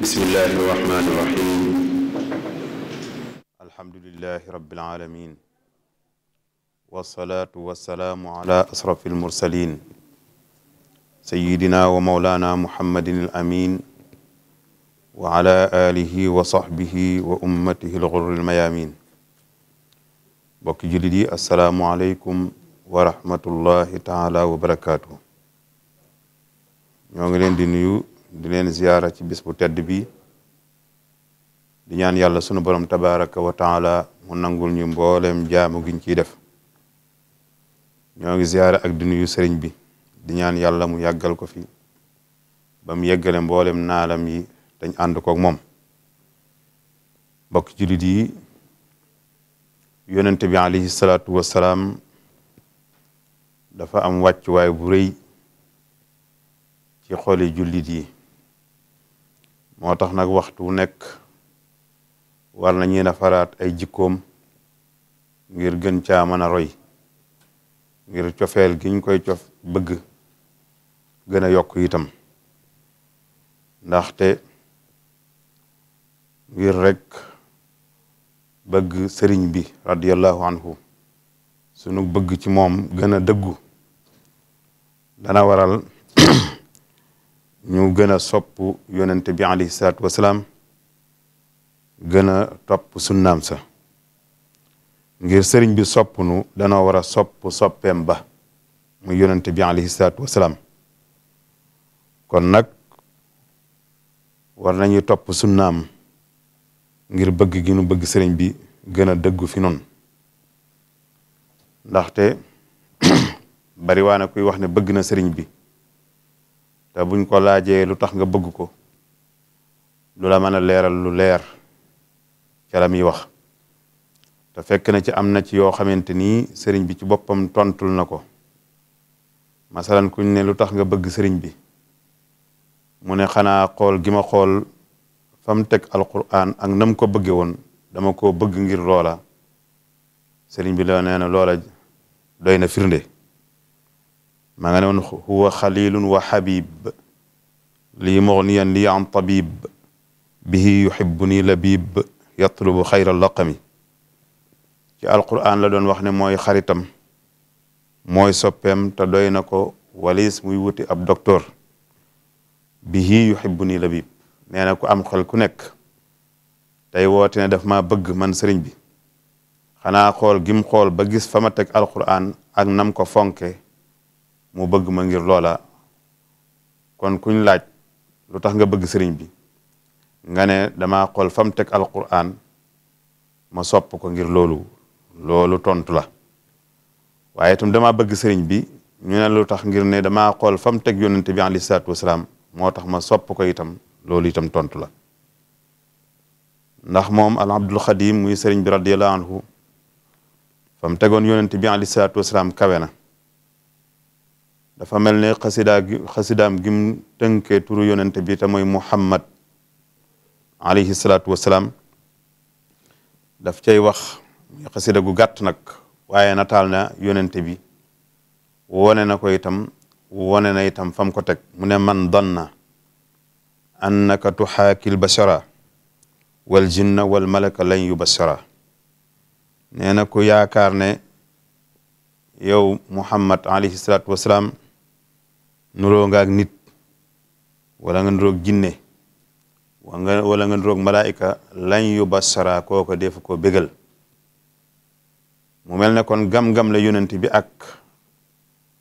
bismillahi irrahmani irrahim alhamdulilahi rabilalamin walsalaatu walsalaamu ala asrafi almursalin sayidina wa maulana muhammadin al amin wa ala alihi wa sahbihi wa ummatihi lxurril mayamin bokki jullit yi asalaamualeykum wa rahmatullahi taala wa barakaatu ñoo ngi leen di nuyu di leen ziyaara ci bis bu tedd bi di ñaan yàlla sunu borom tabaraka wa taala mu nangul ñu mboolem jaamu giñ ciy def ñoo ngi ziyaara ak di nuyu sëriñ bi di ñaan yàlla mu yàggal ko fi ba mu yeggale mboolem naalam yi dañ ànd koog moom mbokk jullit yi yonente bi alayhi salaatu wassalaam dafa am wàccuwaay bu rëy ci xoli jullit yi moo tax nag waxtu nekk warna na ñuy defaraat ay jikkoom ngir gën caa mën a roy ngir cofeel gi koy cof bëgg gën a yokk itam ndaxte ngir rek bëgg sëriñ bi radiyallahu anhu sunu bëgg ci moom gën a dëggu dana waral ñu gën a sopp yonente bi alayhi salaatu wasalaam gën a topp sunnaam sa ngir sëriñ bi sopp nu danoo war a sopp soppeem ba muy yonente bi alayhi salaatu wasalaam kon nag war nañu topp sunnaam ngir bëgg nu bëgg sëriñ bi gën a dëggu fi noonu ndaxte bari waa na kuy wax ne bëgg na sëriñ bi te buñ ko laajee lu tax nga bëgg ko lu la mën a leeral lu leer ca muy wax te fekk na ci am na ci yoo xamante ni sëriñ bi ci boppam tontul na ko masalan kuñ ne lu tax nga bëgg sëriñ bi mu ne xanaa xool gi ma xool fa mu teg alquran ak nam ko bëgge woon dama ko bëgg ngir loola sëriñ bi la nee na loola doy na firnde maa nga ne woon huwa xalilun wa xabib lii muxniyan lii an tabib bihi yuxibu nii labib yatlubu xayra laqami ci alquran la doon wax ne mooy xaritam mooy soppeem te doy na ko walis muy wuti ab docteur bihi yuxibu nii labib nee na ku am xel ku nekk tey woote na daf ma bëgg man sëriñ bi xanaa xool gim kool ba gis fa ma teg alquran ak nam ko fonke mu bëgg ma ngir loola kon kuñ laaj lu tax nga bëgg sëriñ bi nga ne dama xool fam teg alquran ma sopp ko ngir loolu loolu tontu la waaye itam dama bëgg sëriñ bi ñu ne lu tax ngir ne dama xool fam teg yonente bi alayhi salaatu wasalaam moo tax ma sopp ko itam loolu itam tontu la ndax moom al abdul xadim muy sëriñ bi radiallahu anhu fam tegoon yonente bi alayhi salaatu wasalaam kawe na dafa mel ne xasidaa gi xasidaam turu yonent bi te mooy muhammad alayhi salaatu wasalaam daf cay wax muy xasida gu gàtt nag waaye nataal na yonent bi wone na ko itam wone na itam fam ko teg mu ne man danna annaka tuxaakil bashara wal jinna wal malaka lan yu bashara nee ku yaakaar ne yow muhammad alayhi salaatu nuroo nit wala nga nuroog jinne wala nga nuroog malaayika lañ yu bassara kooko ko bégal mu mel ne kon gam la yonent bi ak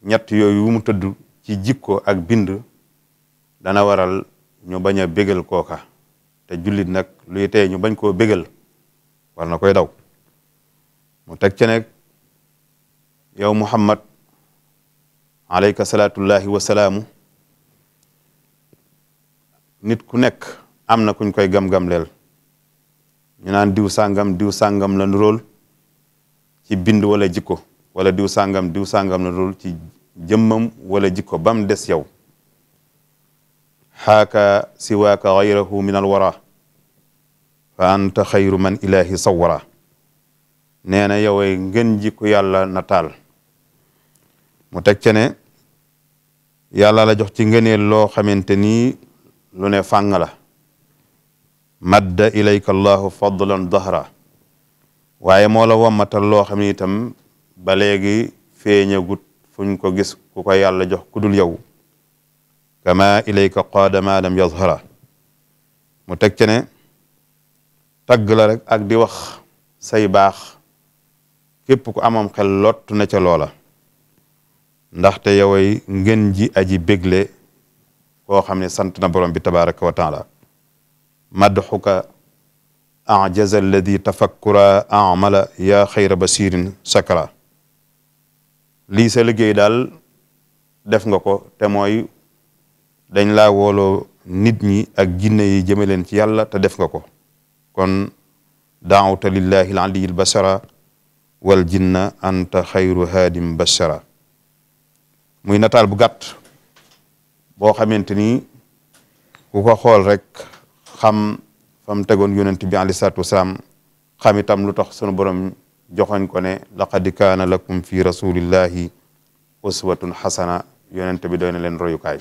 ñett yooyu mu tëdd ci jikko ak bind dana waral ñu bañ a bégal kooka te jullit nag luy ñu bañ koo bégal war na koy daw mu teg ci nag Muhammad aleyka salaatullahi wasalaamu nit ku nekk am na kuñ koy gam-gamleel ñu naan diw sàngam diw sàngam la nuróol ci bind wala jikko wala diw sàngam diw sàngam la nuróol ci jëmmam wala jikko bam des yow xaaka siwaaka gayrahu min alwara fa anta xayru man ilaahi sawara nee na yowey ngën ji ku yàlla na mu teg ca ne yàlla la jox ci ngëneel loo xamante ni lu ne fàng la madda ilayka allahu fadlan dahra waaye moo la wammatal loo xam ne itam ba léegi feeñagut fuñ ko gis ku ko yàlla jox ku dul yow kama ilayka qaada ma lam yazhara mu teg ca ne la rek ak di wax say baax képp ku amam xel lott na ca loola ndaxte yoway ngeen ji aji bégle koo xam ne sant na borom bi tabaraka wa taala madxuka ajaza alladi tafakkura amala yaa xayra basirin sakra lii sa liggéey daal def nga ko te mooy dañ laa wooloo nit ñi ak jinne yi jëme leen ci yàlla def nga ko kon daawta lillahi al aliyil basara wal jinna anta xayru haadim basara muy nataal bu gàtt boo xamante ni ku ko xool rek xam fam tegoon yonent bi alayhi salaatu wasalaam xam itam lu tax sunu borom joxoñ ko ne laqad kaana lakum fi rasulillahi uswatun xasana yonent bi doy na leen royukaay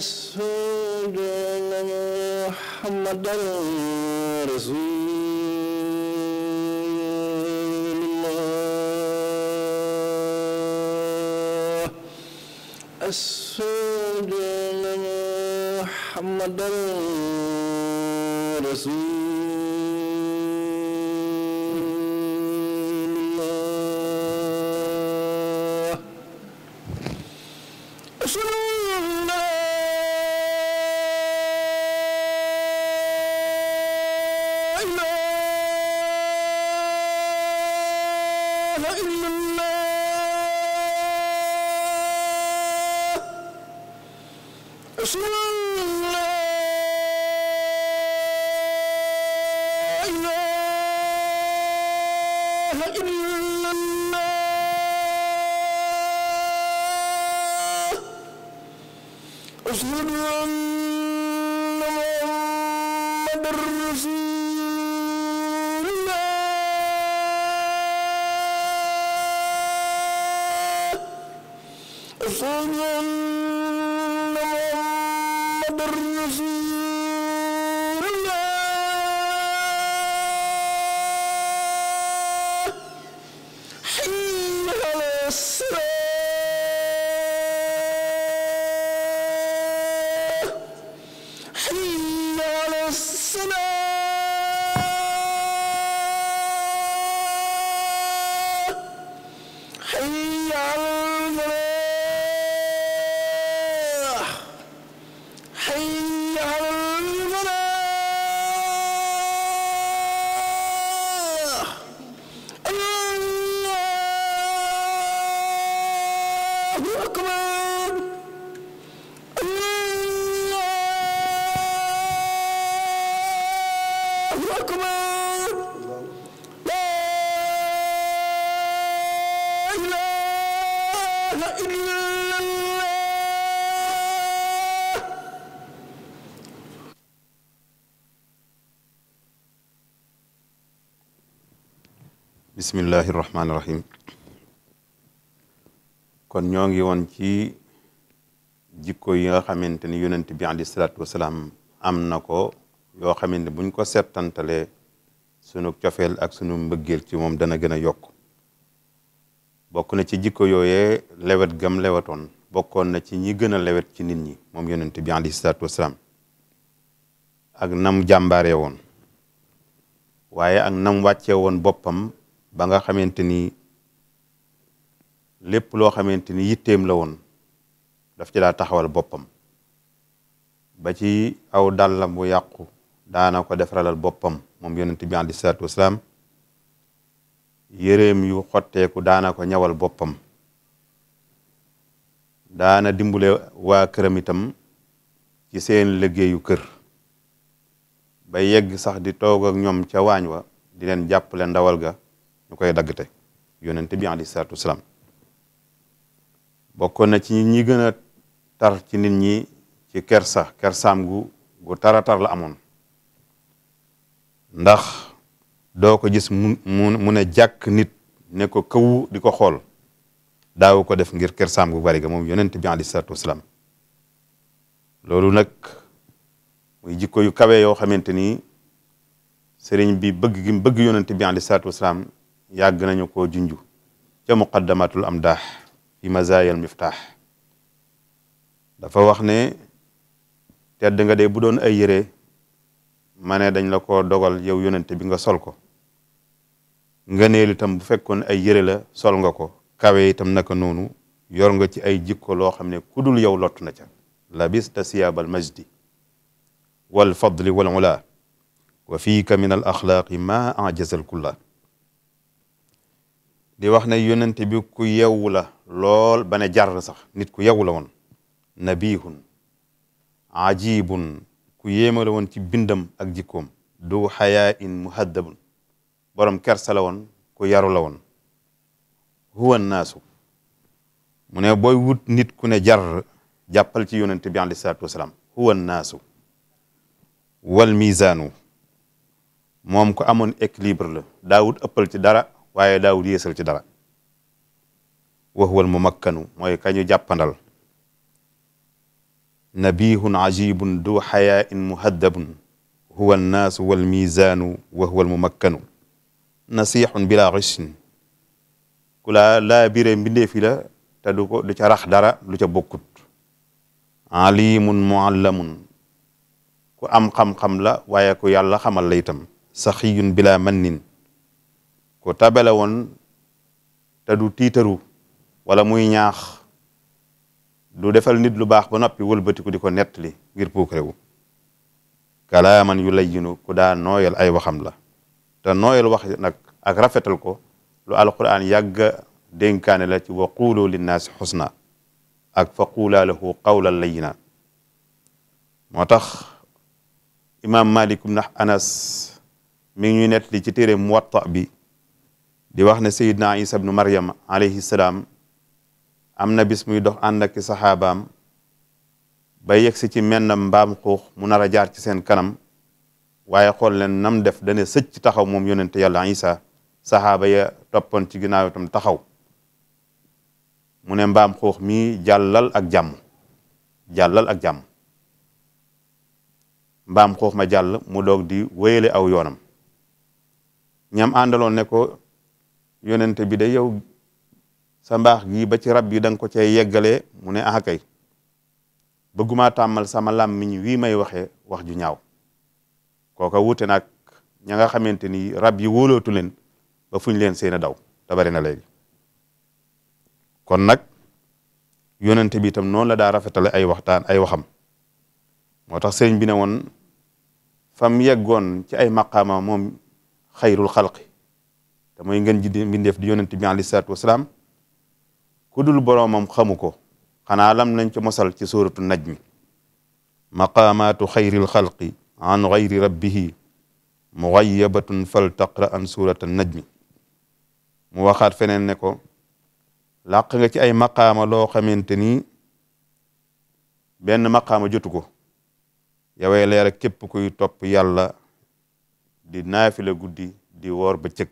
الرسول ان محمدا رسول الله اشهد ان محمدا رسول bismillahi rahmaani rahim kon ñoo ngi woon ci jikko yi nga xamante ni yonent bi alayhi salaatu wasalaam am na ko yoo xamante buñ ko settantale sunu cofeel ak sunu mbëggeel ci moom dana gën a yokk bokk na ci jikko yooye lewet gam lewetoon bokkoon na ci ñi gën a lewet ci nit ñi moom yonent bi alayhi salaatu wasalaam ak nam jàmbaare woon waaye ak nam wàcce woon boppam ba nga xamante ni lépp loo xamante ni yitteem la woon daf ci daa taxawal boppam ba ci aw dàllam bu yàqu daana ko defaralal boppam moom yonent bi aleyhi salaatu wasalaam yëreem yu xotteeku daana ko ñawal boppam daana dimbule waa këram itam ci seen liggéeyu kër ba yegg sax di toog ak ñoom ca waañ wa di leen jàppale ndawal ga ñu koy dagg te yonente bi alayhi salaatu wasalaam bokkoon na ci ñi gën a tar ci nit ñi ci kersa kersaam gu gu tara tar la amoon ndax doo ko gis mu mu mu jàkk nit ne ko kawu di ko xool daaw ko def ngir kersaam gu bari ga moom yonent bi alayhi salaatu wasalaam loolu nag muy jikko kawe yoo xamante ni sëriñ bi bëgg gi bëgg yonent bi alayhi salaatu yàgg nañu koo junju ca muqaddamatul amdaax fi mazaayal miftaax dafa wax ne tedd de bu doon ay yére ma dañ la ko dogal yow yonente bi nga sol ko nga neel itam bu fekkoon ay yére la sol nga ko kawe itam naka noonu yor nga ci ay jikko loo xam ne ku dul yow lott na ca labista siyaabal majdi wal fadli wal ula wa fiika min al axlaaqi ma ajazal kulla di wax na yonente bi ku yewwu lool ba ne jar sax nit ku yewwu la woon nabihun ajibun ku yéema woon ci bindam ak jikkoom du xayaa in muhaddabun borom kersa la woon ku yaru woon huwa naasu mu ne booy wut nit ku ne jar jàppal ci yonente bi alayhi salaatu wasalaam huwa naasu wal mizaanu moom ko amoon équilibre la daawut ëppal ci dara waaye daawul yéesal ci dara waxuwal mu makkanu mooy kañu jàppandal nabihun ajibun du xayaa in muhaddabun huwa annaasu wal miizaanu waxuwal mu makkanu bila xishin ku laa laa biree mbindeefi la te du ko du ca rax dara lu ca bokkut alimun muallamun ku am xam-xam la waaye ku yàlla xamal la itam saxiyun bila mannin ko tabe la te du tiitaru wala muy ñaax du defal nit lu baax ba noppi wëlbatiku di ko nettli ngir puukarewu kalaaman yu layyinu ku daa nooyal ay waxam la te nooyal wax nag ak rafetal ko lu alquran yàgga dénkaane la ci wa quulu linnaasi xusna ak fa quulaa lahu qawlan layyina moo tax imaam malik ibn anas mi ngi ñuy nettali ci téere muwatta bi di wax ne sayidna isa bnu maryam alayhi salaam am na bis muy dox ànd ak saxaabaam ba yegsi ci menn mbaam xuux mu nar a jaar ci seen kanam waaye xool leen nam def dane sëcc taxaw moom yonente yàlla isa saxaaba ya toppoon ci ginnaaw taxaw mu ne mbaam xuux mi jàllal ak jàmm jàllal ak jàmm mbaam xuux ma jàll mu doog di wéyale aw yoonam ñam àndaloon ne ko yonente bi day yow sa mbaax gii ba ci rab yi da ko cay yeggalee mu ne ah kay bëggumaa tàmmal sama làmmiñ wii may waxee wax ju ñaaw kooka wuute nag ña nga xamante ni rab yi wóolootu leen ba fuñ leen seen daw te bari na léegi kon nag yonente bi itam noonu la daa rafetale ay waxtaan ay waxam moo tax sëriñ bi ne woon fam yeggoon ci ay maqaama moom xayrul xalqi mooy ngeen ji mbindeef di yonent bi alayhi salaatu wasalaam ku dul boroomam xamu ko xanaa lam nañ ci mosal ci suuratu najmi maqaamaatu xayril xalqi an xayri rabbihi muxayabatun fal taqra an suurata najmi mu waxaat feneen ne ko làq nga ci ay maqaama loo xamante ni benn maqaama jotu ko yawee leer ak képp kuy topp yàlla di naafila guddi di woor ba cëg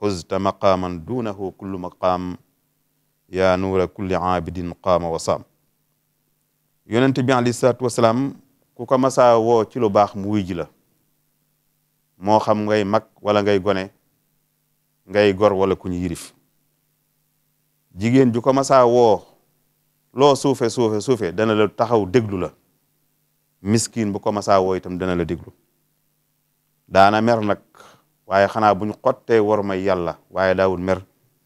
xusta maqaaman duunahu kullu maqaam yaa nuura kulli aabidin qaama wa saam yonente bi alayhi salaatu wasalaam ku ko masaa woo ci lu baax mu wuy ji la moo xam ngay mag wala ngay gone ngay gor wala ku ñu yirif jigéen ju ko masaa loo suufe suufe suufe dana la taxaw déglu la miskin bu ko masaa woo itam dana la déglu daana mer nag waaye xanaa buñ ñu xottee war may yàlla waaye daawul mer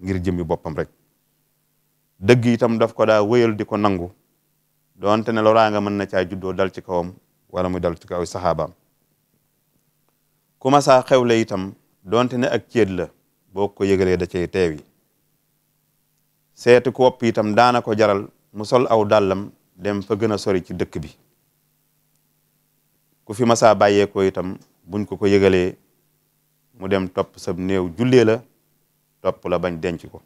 ngir jëmmi boppam rek dëgg itam daf ko daa wéyal di ko nangu doonte ne loraa nga mën na caa juddoo dal ci kawam wala mu dal ci kaw saxaabaam ku ma saa xewle itam doonte ne ak céet la boo ko yëgalee da cay teew seeti ku wopp itam daana ko jaral mu sol aw dàllam dem fa gën a sori ci dëkk bi ku fi masaa bàyyeekoo itam buñ ko ko yëgalee mu dem topp sab néew julle la topp la bañ denc ko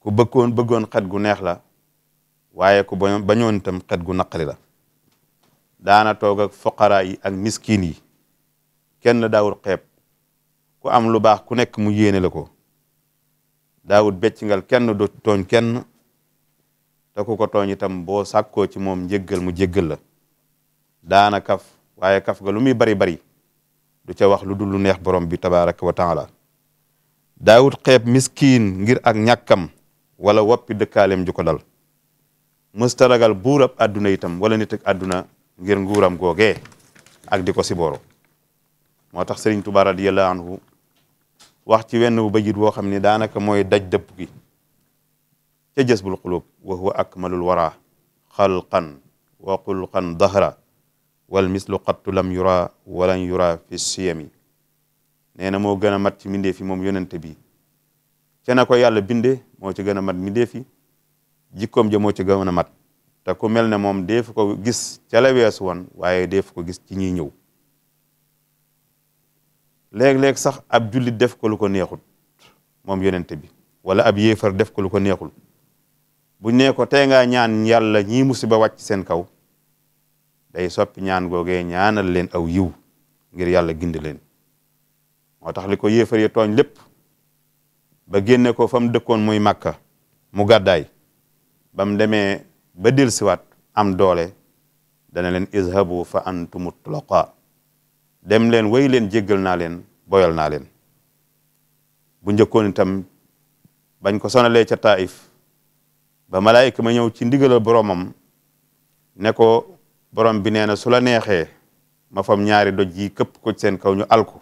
ku bëggoon bëggoon xet gu neex la waaye ku bañoon bañoon itam gu naqari la daana toog ak foqara yi ak miskin yi kenn daawul xeeb ku am lu baax ku nekk mu yéene la ko daawut beccingal kenn du tooñ kenn te ku ko tooñ itam boo sàkkoo ci moom njéggal mu jéggal la daana kaf waaye kaf ga lu muy bari bari du ca wax lu dul lu neex borom bi tabaraka wa taala daawud xeeb miskiin ngir ak ñàkkam wala woppi dëkkaaleem ju ko dal mësta ragal buurab àdduna itam wala nit ak àdduna ngir nguuram googee ak di ko si booro moo tax sëriñ Tuubaa radiyallahu anhu wax ci wenn bu bayit woo xam ne daanaka mooy daj dëpp gi ca jës bul xulub wa huwa akmalul wara xalqan wa xulqan dahra wal mislu qattu lam yura walan yura fi siyami nee na moo gën a mat ci mbindeef yi moom yonente bi ca ko yàlla binde moo ci gën a mat mbindeef yi jikkoom ja moo ci gën a mat te ku mel ne moom deefu ko gis ca la weesu woon waaye deefu ko gis ci ñiy ñëw léeg-léeg sax ab jullit def ko lu ko neexul moom yonente bi wala ab yéefar def ko lu ko neexul bu ne ko tey ngaa ñaan yàlla si ba wàcc seen kaw day soppi ñaan googee ñaanal leen aw yiw ngir yàlla gindi leen moo tax li ko yéefar yi tooñ lépp ba génne ko fa mu dëkkoon muy màkka mu gàddaay ba mu demee ba dil siwaat am doole dana leen izhabu fa antumu tulaqa dem leen way leen jéggal naa leen boyal naa leen bu njëkkoon itam bañ ko sonalee ca taif ba malaayika ma ñëw ci ndigalal boromam ne ko borom bi nee na su la neexee ma fam ñaari doj yi këpp ko seen kaw ñu alku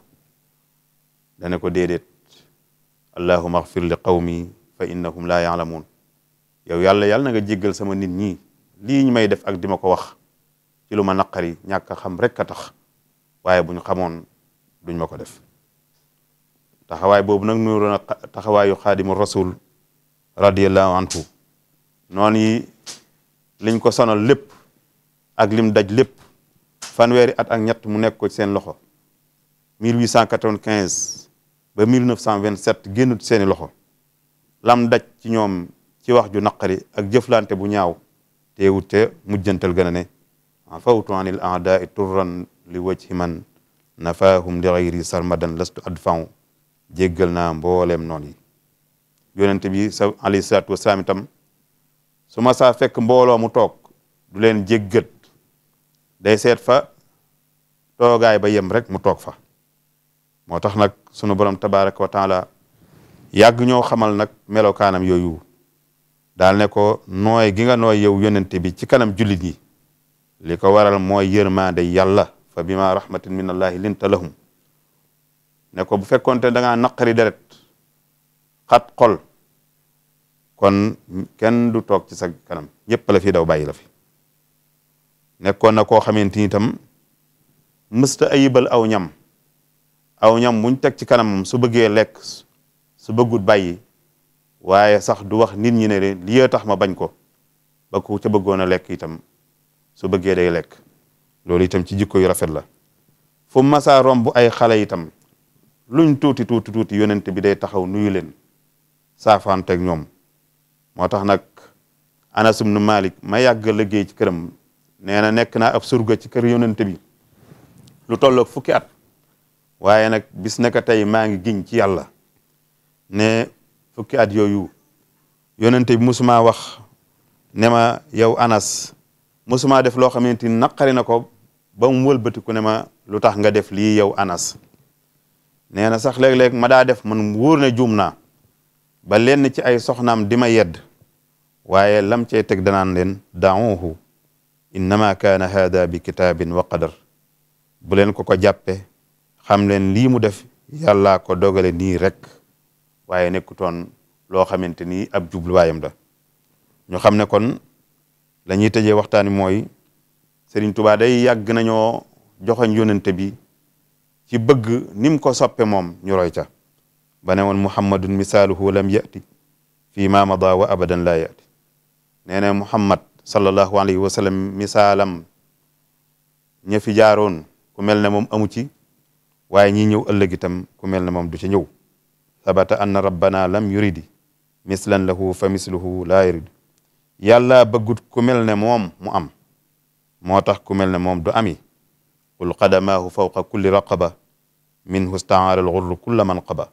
dana ko déedéet allahuma axfir li qawmi fa innahum la yaalamuun yow yàlla yàlla na nga jéggal sama nit ñi lii may def ak dima ko wax ci lu ma naqari ñàkk a xam rek a tax waaye buñ xamoon duñ ma ko def taxawaay boobu nag nuroon taxawaayu xaadimu rasul radiallahu anhu noonu yi liñ ko sonal lépp ak lim daj lépp fanweeri at ak ñett mu nekk ko ci seen loxo 1895 ba 1927 génnut seeni loxo lam daj ci ñoom ci wax ju naqari ak jëflante bu ñaaw teewut te mujjantal gën a ne afawtu anil aadaai turran li wajhi man nafaahum li gayri sarmadan lastu adfau jéggal naa mbooleem noonu yi yonente bi sa alayhi salaatu wasalaam itam su ma saa fekk mbooloo mu toog du leen jéggat day seet fa toogaay ba yem rek mu toog fa moo tax nag sunu borom tabaraka wa taala yàgg ñoo xamal nag melokaanam yooyu daal ne ko nooy gi nga nooy yow yonente bi ci kanam jullit yi li ko waral mooy yërmande yàlla fa bima rahmatin min allahi linta lahum ne ko bu fekkonte da ngaa naqari deret xat xol kon kenn du toog ci sag kanam ñëpp la fi daw bàyyi la fi nekkoon na koo xamante ni itam mësta ayibal aw ñam aw ñam buñ teg ci kanam su bëggee lekk su bëggut bayi waaye sax du wax nit ñi ne leen tax ma bañ ko ba ku ca bëggoon a lekk itam su bëggee day lekk loolu itam ci jikko yu rafet la fu masaa bu ay xale yitam luñ tuuti tuuti tuuti yonent bi day taxaw nuyu leen saafaanteeg ñoom moo tax nag Anas ibnu Malik ma yàgg liggéey ci këram nee na nekk naa ab surga ci kër yonante bi lu tolloog fukki at waaye nag bis naka tey maa ngi giñ ci yàlla ne fukki at yooyu yonante bi mosumaa wax ne ma yow Anas mosumaa def loo xamante ni naqari na ko ba mu wëlbatiku ne ma lu tax nga def lii yow Anas nee na sax léeg-léeg ma daa def man wóor ne juum naa ba lenn ci ay soxnaam di ma yedd waaye lam cey teg danaan leen daawuhu innama kaana haada bi kitaabin wa qadar bu ko ko jàppe xam leen lii mu def yàllaa ko dogale nii rek waaye nekkutoon loo xamante ni ab jubluwaayam da ñu xam ne kon la ñuy tëjee waxtaan wi mooy Sëriñ Tuubaa day yàgg nañoo joxoñ yónnante bi ci bëgg ni mu ko soppe moom ñu roy ca ba ne woon muhammadun misaaluhu lam yati fii ma mada wa abadan laa yati nee muhammad sallallahu alayhi wa sallam misaalam ña fi jaaroon ku mel ne moom amu ci waaye ñi ñëw ëllëg ku mel ne moom du ci ñëw sabata anna rabbana lam yuridi mislan lahu fa misluhu laa yurid yàlla bëggut ku mel ne moom mu am moo tax ku mel ne moom du ami qul qadamaahu fawqa kulli raqaba minhu staara al kulla man qaba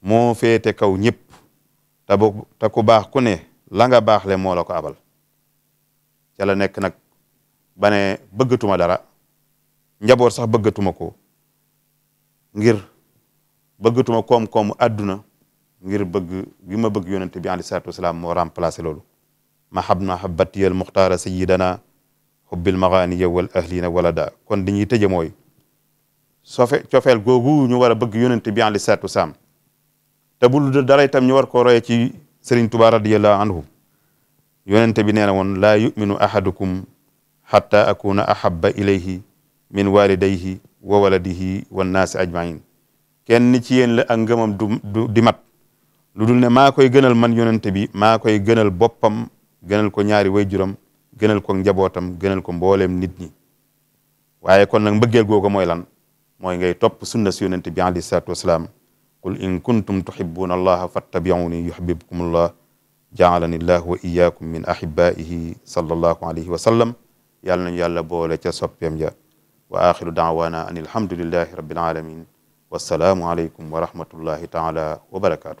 moo féete kaw ñëpp te ku baax ku ne langa baax le moo ko abal cala nekk nag bane ne bëggatuma dara njaboot sax bëggatuma ko ngir bëggatuma koom-koomu àdduna ngir bëgg gi ma bëgg yonente bi alei salatu wasalaam moo remplacé loolu mahab na habatiyal muxtaara sayidana xubbil maxaaniya wal ahlina wala da kon dañuy tëje mooy sofe cofeel googu ñu war a bëgg yonente bi alei salatu wasalaam te bul dara itam ñu war koo roye ci Sëriñ Tuubaa radiyallahu anhu yonente bi nee na woon laa yuminu ahadukum xatta akuna ahaba ilayhi min walidayhi wa waladihi wannaasi ajmain kenn ci yéen la ak ngëmam du di mat lu dul ne maa koy gënal man yonente bi maa koy gënal boppam gënal ko ñaari wayjuram gënal ko njabootam gënal ko mbooleem nit ñi waaye kon nag mbëggeel googu mooy lan mooy ngay topp sunna si yonente bi alayhi salaatu wasalaam qul in kuntum tuhibbuna allaha fattabiuni yuhbibkum allah jaalani llah wa iyaakum min ahibaihi sallallahu alayhi wa sallam yàlla nañu yàlla boole ca soppeem ja wa axiru daawaana an alhamdulillahi rabbil alamin wassalaamu aleykum wa rahmatullahi taala wa barakaatu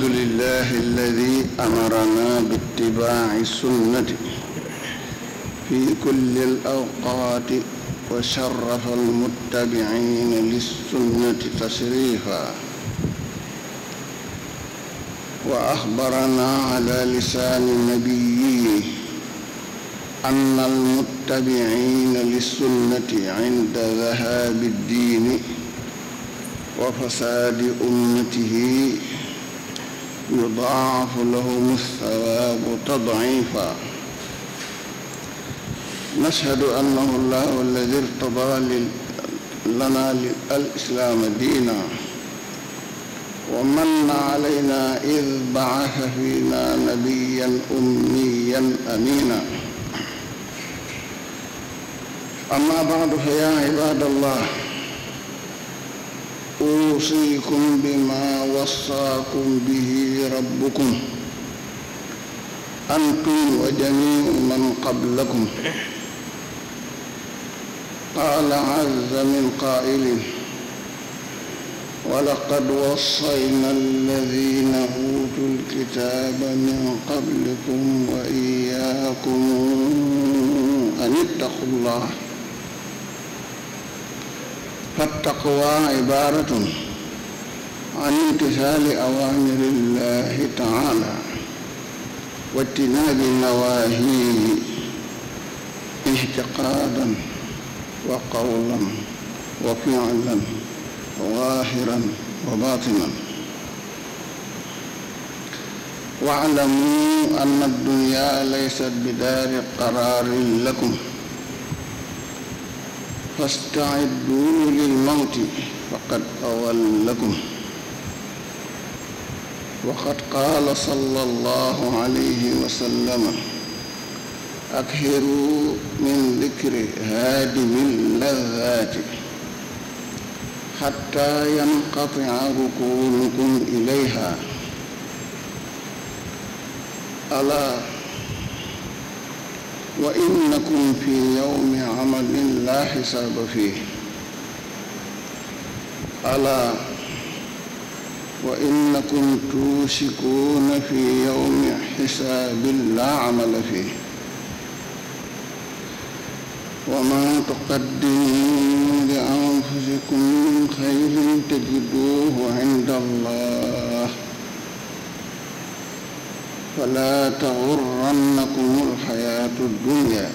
الحمد لله الذي أمرنا باتباع السنة في كل الأوقات وشرف المتبعين للسنة تشريفا وأخبرنا على لسان نبيه أن المتبعين للسنة عند ذهاب الدين وفساد أمته يضاعف لهم الثواب تضعيفا نشهد أنه الله الذي ارتضى لنا الإسلام دينا ومن علينا إذ بعث فينا نبيا أميا أمينا أما بعد فيا عباد الله أوصيكم بما وصاكم به ربكم أنتم وجميع من قبلكم قال عز من قائل ولقد وصينا الذين أوتوا الكتاب من قبلكم وإياكم أن اتقوا الله fattaqwa ibaratun an imtisali awamirillahi taala wajtinabi nawahihi ijtiqadan wa qawlan wa fi'lan zahiran wa batinan wa'lamu anna ad-dunya laysat bidaari qararin lakum fasta'iddu lil mawti faqad awallakum waqad qaala sallallahu alayhi wa sallam akhiru min dikri haadimi lahaati xataa yanqatia rukuunukum ilayha alaa wa innakum fi yawmi amalin laa xisaaba fii alaa wa innakum tuusikuuna fi yawmi xisaabin laa amala fii wa maa tuqaddimuu li anfusikum min xayrin tajiduuhu inda allah فلا تغرنكم الحياة الدنيا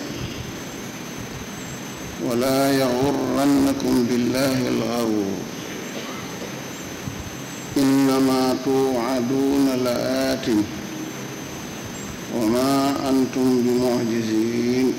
ولا يغرنكم بالله الغرور إنما توعدون لآت وما أنتم بمعجزين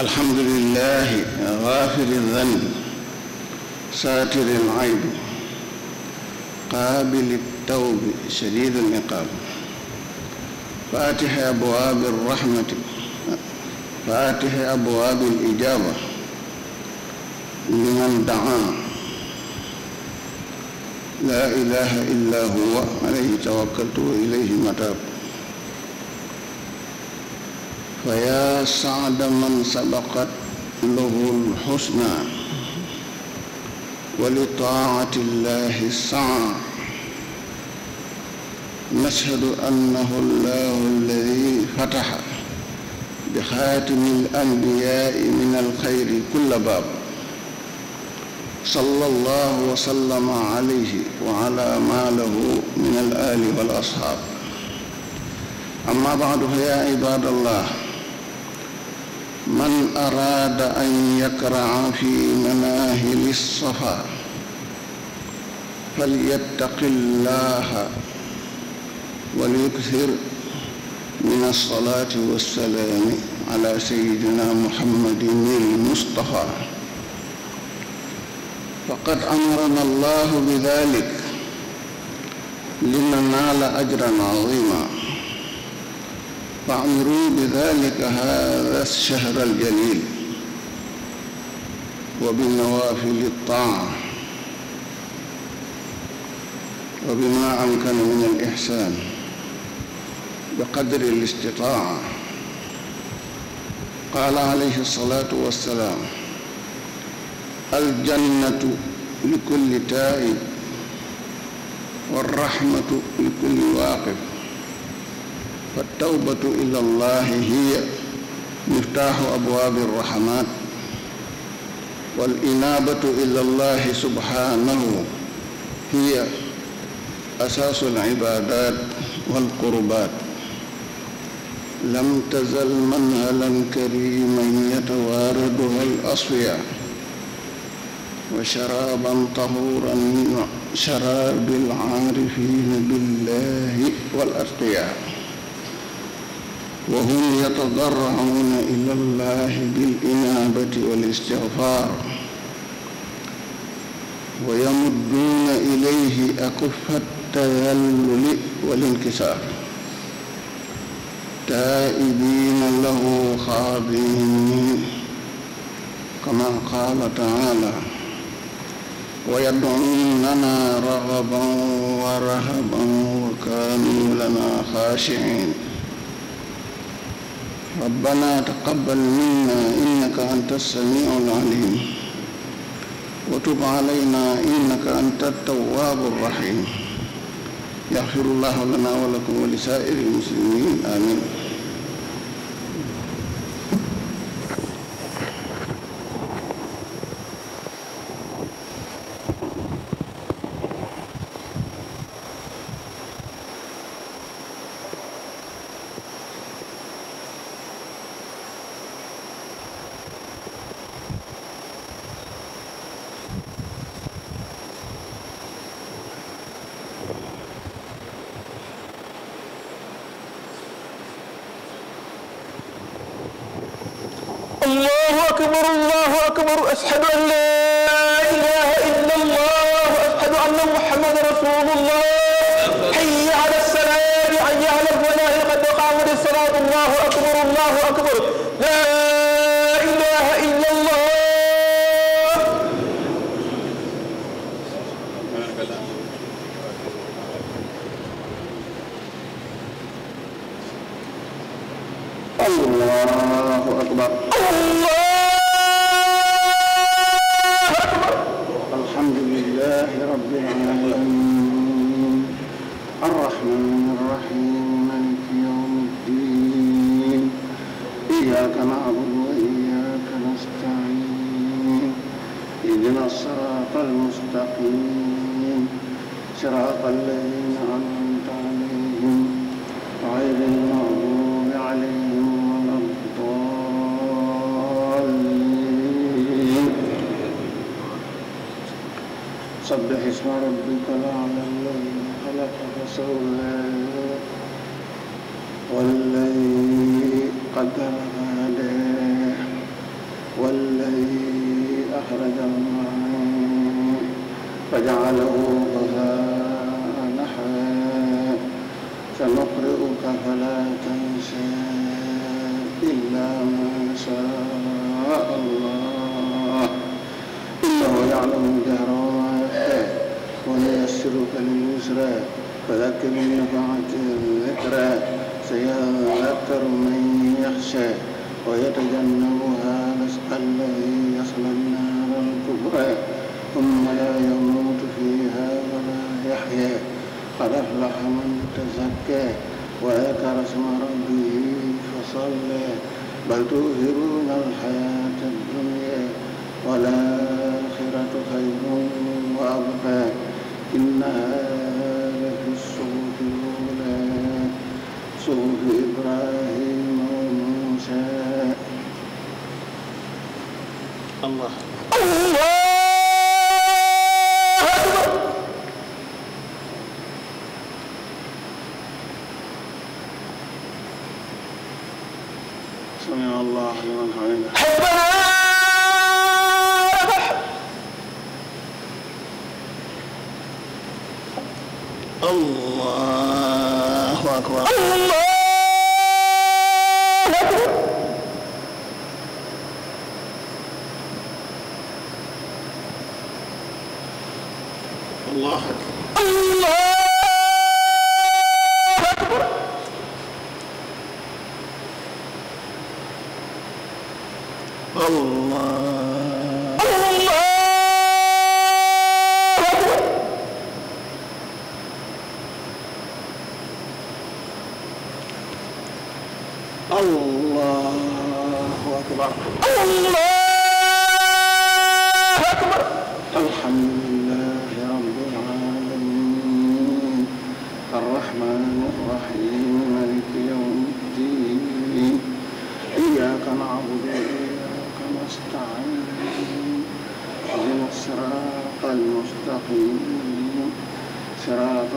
الحمد لله غافر الذنب ساتر العيب قابل التوب شديد العقاب فاتح أبواب الرحمة فاتح أبواب الإجابة لمن دعا لا إله إلا هو عليه توكلت وإليه متاب fa yaa saada man sabaqat lahu lxusna wa li taacati llahi saa nashhadu annahu llahu alladi fataxa bi xaatimi alambiyaai min alxayri kulla baab salla allahu wa sallama alayhi wa ala maa lahu min al aali wal asxaab amma baadu fa yaa ibaadallah man araada an yakraca fi manaahili safaa falyattaqi llaaha walyukthir min alsalaati wassalaami ala sayidina muhammadin almustafaa faqad amarana allahu bidalik linaala ajran caziima فاعمروا بذلك هذا الشهر الجليل وبالنوافل الطاعة وبما أمكن من الإحسان بقدر الاستطاعة قال عليه الصلاة والسلام الجنة لكل تائب والرحمة لكل واقف fa tawbatu ila allahi hiya miftaaxu abwaabi arrahmat wal inaabatu ila allahi subhanahu hiya asaasu alibadat walqurbat lam tazal manhalan kariman yatawaaraduha alasfiya wa sharaaban tahuuran min sharaabi alaarifina billahi wal atqiya وهم يتضرعون إلى الله بالإنابة والاستغفار ويمدون إليه أكف التذلل والانكسار تائبين له خاضعين كما قال تعالى ويدعوننا رغبا ورهبا وكانوا لنا خاشعين ربنا تقبل منا إنك أنت السميع العليم وتب علينا إنك أنت التواب الرحيم يغفر الله لنا ولكم ولسائر المسلمين آمين ashhadu an la الرحيم صراط الذين أنعمت عليهم غير المغضوب عليهم ولا الضالين سبح اسم ربك الأعلى الذي خلق فسوى والذي فجعله غثاء نحوا سنقرئك فلا تنسى إلا ما شاء الله إنه يعلم الجهر ونيسرك لليسرى فذكر إن نفعت الذكرى سيذكر من يخشى ويتجنبها أفلح من تزكى وذكر اسم ربه فصلى بل تؤثرون الحياة الدنيا والآخرة خير وأبقى إن هذا لفي الصحف الأولى صحف إبراهيم وموسى الله الله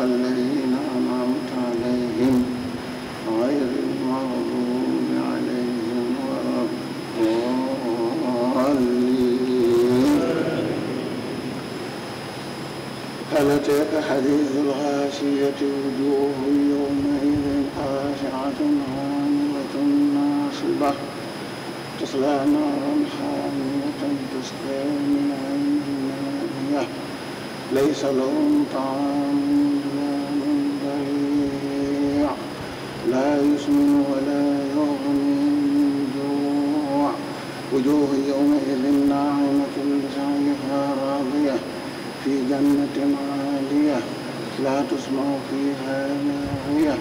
الذين أنعمت عليهم غير المغضوب عليهم ولا الضالين هل أتاك حديث الغاشية وجوه يومئذ خاشعة عاملة ناصبة تصلى نارا حامية تسقى من عين ليس لهم طعام لا يسمن ولا يغني من جوع وجوه يومئذ ناعمة لسعيها راضية في جنة عالية لا تسمع فيها لاغية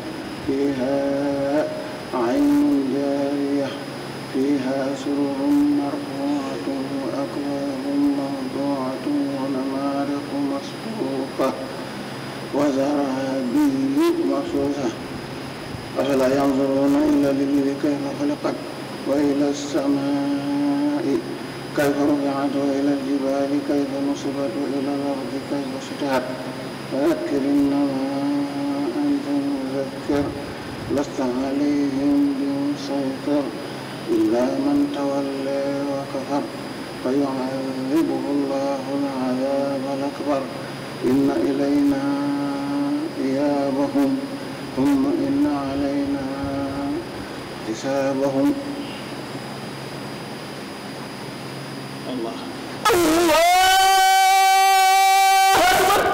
فيها عين جارية فيها سرر مرفوعة وأكواب موضوعة ونمارق مسقوقة وزرابي مبثوثة أفلا ينظرون إلا للإبل كيف خلقت وإلى السماء كيف رفعت وإلى الجبال كيف نصبت وإلى الأرض كيف سطحت فذكر إنما أنت مذكر لست عليهم بمسيطر إلا من تولى وكفر فيعذبه الله العذاب الأكبر إن إلينا إيابهم ثم إن علينا حسابهم الله الله أكبر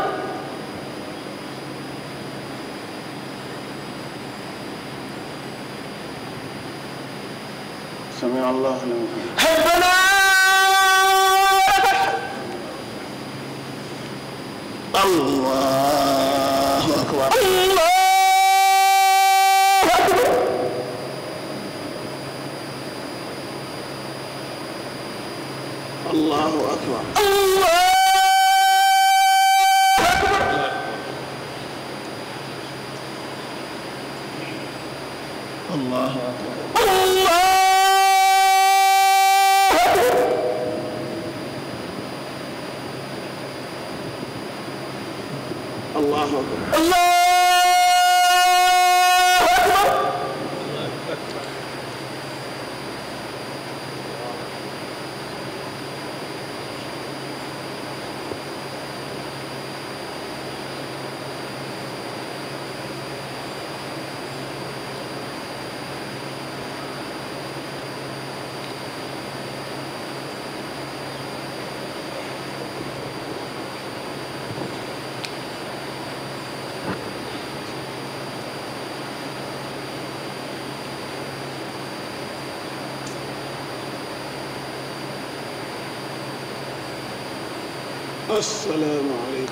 سمع الله لمن asalaamaaleykum